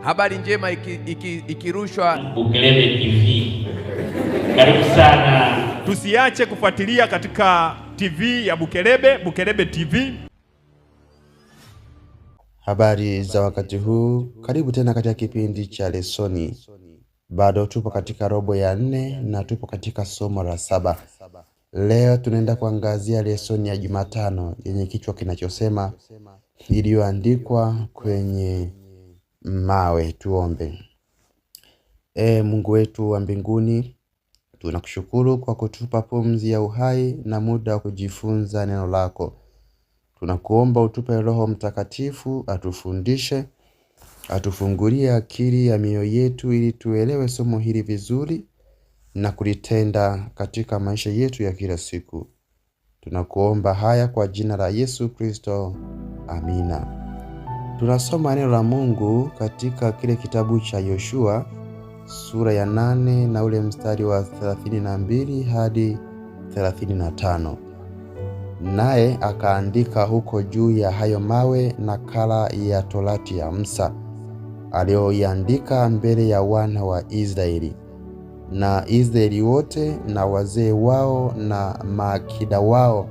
Habari njema ikirushwa iki, iki Bukelebe TV. Karibu sana, tusiache kufuatilia katika TV ya Bukelebe, Bukelebe TV. Habari za wakati huu, karibu tena katika kipindi cha lesoni. Bado tupo katika robo ya nne na tupo katika somo la saba. Leo tunaenda kuangazia lesoni ya Jumatano yenye kichwa kinachosema iliyoandikwa kwenye mawe. Tuombe. E, Mungu wetu wa mbinguni, tunakushukuru kwa kutupa pumzi ya uhai na muda wa kujifunza neno lako. Tunakuomba utupe Roho Mtakatifu atufundishe, atufungulie akili ya mioyo yetu ili tuelewe somo hili vizuri na kulitenda katika maisha yetu ya kila siku. Tunakuomba haya kwa jina la Yesu Kristo. Amina. Tunasoma neno la Mungu katika kile kitabu cha Yoshua sura ya nane na ule mstari wa 32 hadi 35. Naye akaandika huko juu ya hayo mawe nakala ya Torati ya Musa aliyoiandika mbele ya wana wa Israeli na Israeli wote na wazee wao na maakida wao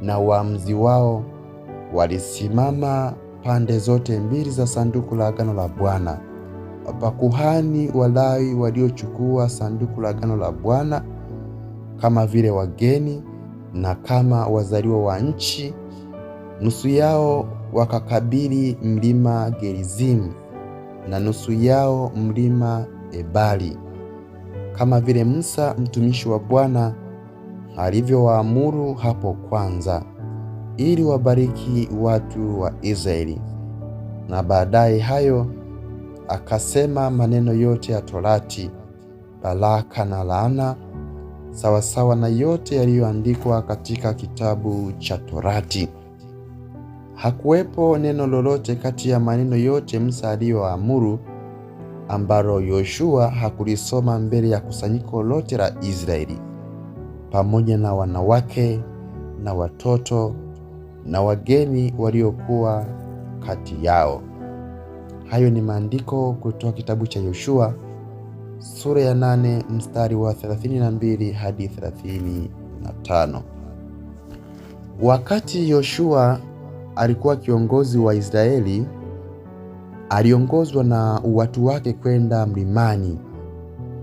na waamuzi wao walisimama pande zote mbili za sanduku la agano la Bwana. Makuhani Walawi waliochukua sanduku la agano la Bwana kama vile wageni na kama wazaliwa wa nchi, nusu yao wakakabili mlima Gerizimu na nusu yao mlima Ebali, kama vile Musa mtumishi wa Bwana alivyowaamuru hapo kwanza ili wabariki watu wa Israeli. Na baadaye hayo akasema maneno yote ya Torati, baraka na laana, sawasawa na yote yaliyoandikwa katika kitabu cha Torati. Hakuwepo neno lolote kati ya maneno yote Musa aliyoamuru ambalo Yoshua hakulisoma mbele ya kusanyiko lote la Israeli, pamoja na wanawake na watoto na wageni waliokuwa kati yao. Hayo ni maandiko kutoka kitabu cha Yoshua sura ya 8 mstari wa 32 hadi 35. Wakati Yoshua alikuwa kiongozi wa Israeli, aliongozwa na watu wake kwenda mlimani,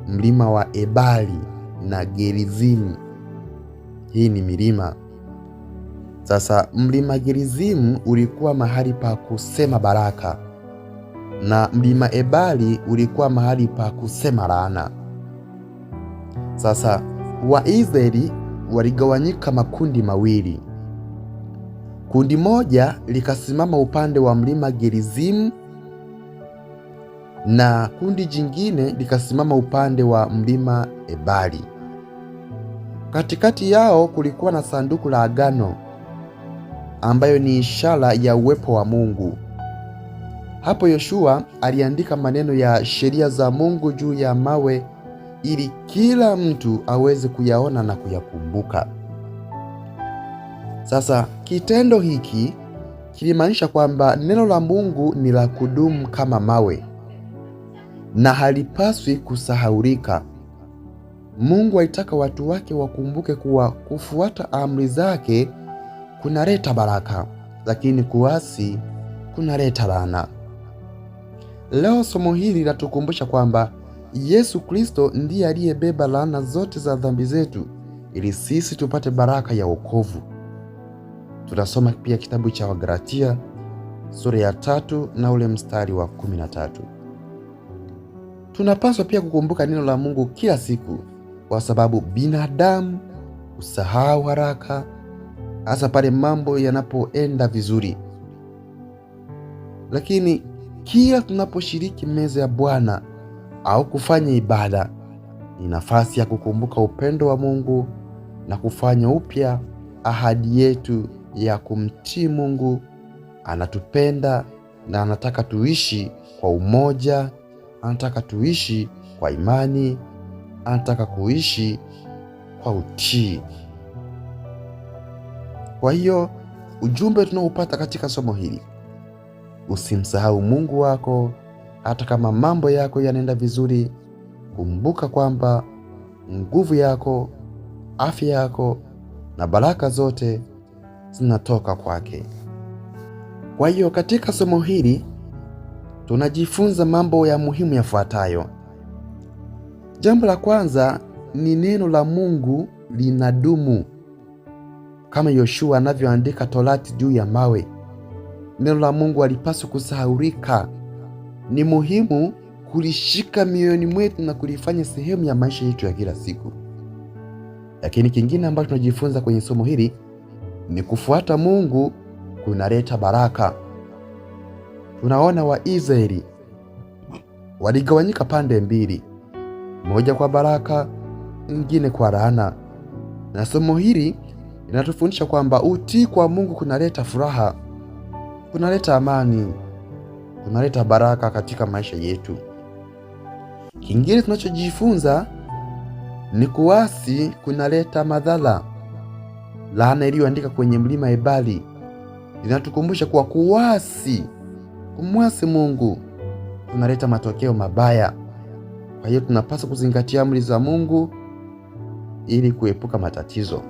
mlima wa Ebali na Gerizimu. Hii ni milima sasa mlima Gerizimu ulikuwa mahali pa kusema baraka na mlima Ebali ulikuwa mahali pa kusema laana. Sasa Waisraeli waligawanyika makundi mawili. Kundi moja likasimama upande wa mlima Gerizimu na kundi jingine likasimama upande wa mlima Ebali. Katikati yao kulikuwa na sanduku la agano ambayo ni ishara ya uwepo wa Mungu. Hapo Yoshua aliandika maneno ya sheria za Mungu juu ya mawe ili kila mtu aweze kuyaona na kuyakumbuka. Sasa kitendo hiki kilimaanisha kwamba neno la Mungu ni la kudumu kama mawe na halipaswi kusahaulika. Mungu alitaka watu wake wakumbuke kuwa kufuata amri zake kunaleta baraka, lakini kuasi kunaleta laana. Leo somo hili linatukumbusha kwamba Yesu Kristo ndiye aliyebeba laana zote za dhambi zetu ili sisi tupate baraka ya wokovu. Tunasoma pia kitabu cha Wagalatia sura ya tatu na ule mstari wa kumi na tatu. Tunapaswa pia kukumbuka neno la Mungu kila siku, kwa sababu binadamu usahau haraka hasa pale mambo yanapoenda vizuri. Lakini kila tunaposhiriki meza ya Bwana au kufanya ibada, ni nafasi ya kukumbuka upendo wa Mungu na kufanya upya ahadi yetu ya kumtii Mungu. Anatupenda na anataka tuishi kwa umoja, anataka tuishi kwa imani, anataka kuishi kwa utii. Kwa hiyo ujumbe tunaoupata katika somo hili, usimsahau Mungu wako hata kama mambo yako yanaenda vizuri. Kumbuka kwamba nguvu yako, afya yako na baraka zote zinatoka kwake. Kwa hiyo katika somo hili tunajifunza mambo ya muhimu yafuatayo. Jambo la kwanza ni neno la Mungu linadumu kama Yoshua anavyoandika Torati juu ya mawe. Neno la Mungu halipaswi kusahaulika. Ni muhimu kulishika mioyoni mwetu na kulifanya sehemu ya maisha yetu ya kila siku. Lakini kingine ambacho tunajifunza kwenye somo hili ni kufuata Mungu kunaleta baraka. Tunaona Waisraeli waligawanyika pande mbili, moja kwa baraka, nyingine kwa laana, na somo hili linatufundisha kwamba utii kwa Mungu kunaleta furaha, kunaleta amani, kunaleta baraka katika maisha yetu. Kingine tunachojifunza ni kuasi kunaleta madhara. Laana iliyoandika kwenye mlima Ebali linatukumbusha kuwa kuasi, kumwasi Mungu kunaleta matokeo mabaya. Kwa hiyo tunapaswa kuzingatia amri za Mungu ili kuepuka matatizo.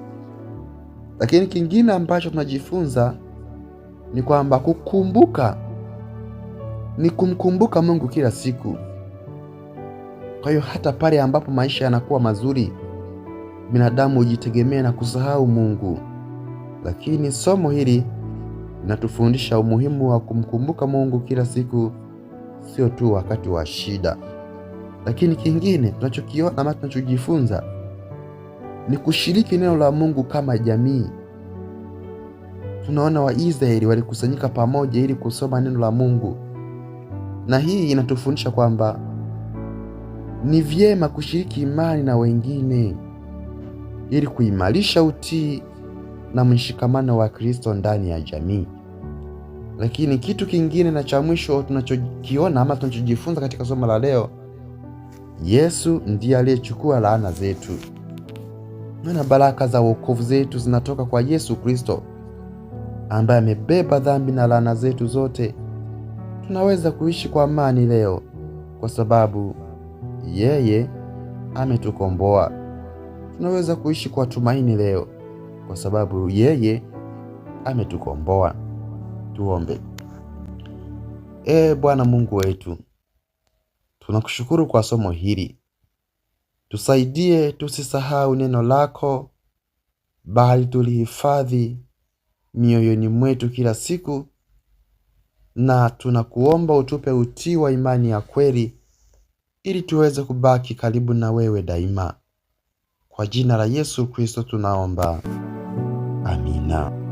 Lakini kingine ambacho tunajifunza ni kwamba kukumbuka ni kumkumbuka Mungu kila siku. Kwa hiyo hata pale ambapo maisha yanakuwa mazuri, binadamu hujitegemea na kusahau Mungu. Lakini somo hili linatufundisha umuhimu wa kumkumbuka Mungu kila siku, sio tu wakati wa shida. Lakini kingine tunachokiona ama tunachojifunza ni kushiriki neno la Mungu kama jamii. Tunaona Waisraeli walikusanyika pamoja ili kusoma neno la Mungu, na hii inatufundisha kwamba ni vyema kushiriki imani na wengine ili kuimarisha utii na mshikamano wa Kristo ndani ya jamii. Lakini kitu kingine na cha mwisho tunachokiona ama tunachojifunza katika somo la leo, Yesu ndiye aliyechukua laana zetu maana baraka za wokovu zetu zinatoka kwa Yesu Kristo ambaye amebeba dhambi na laana zetu zote. Tunaweza kuishi kwa amani leo kwa sababu yeye ametukomboa. Tunaweza kuishi kwa tumaini leo kwa sababu yeye ametukomboa. Tuombe. Ee Bwana Mungu wetu, tunakushukuru kwa somo hili Tusaidie tusisahau neno lako, bali tulihifadhi mioyoni mwetu kila siku, na tunakuomba utupe utii wa imani ya kweli, ili tuweze kubaki karibu na wewe daima. Kwa jina la Yesu Kristo tunaomba, amina.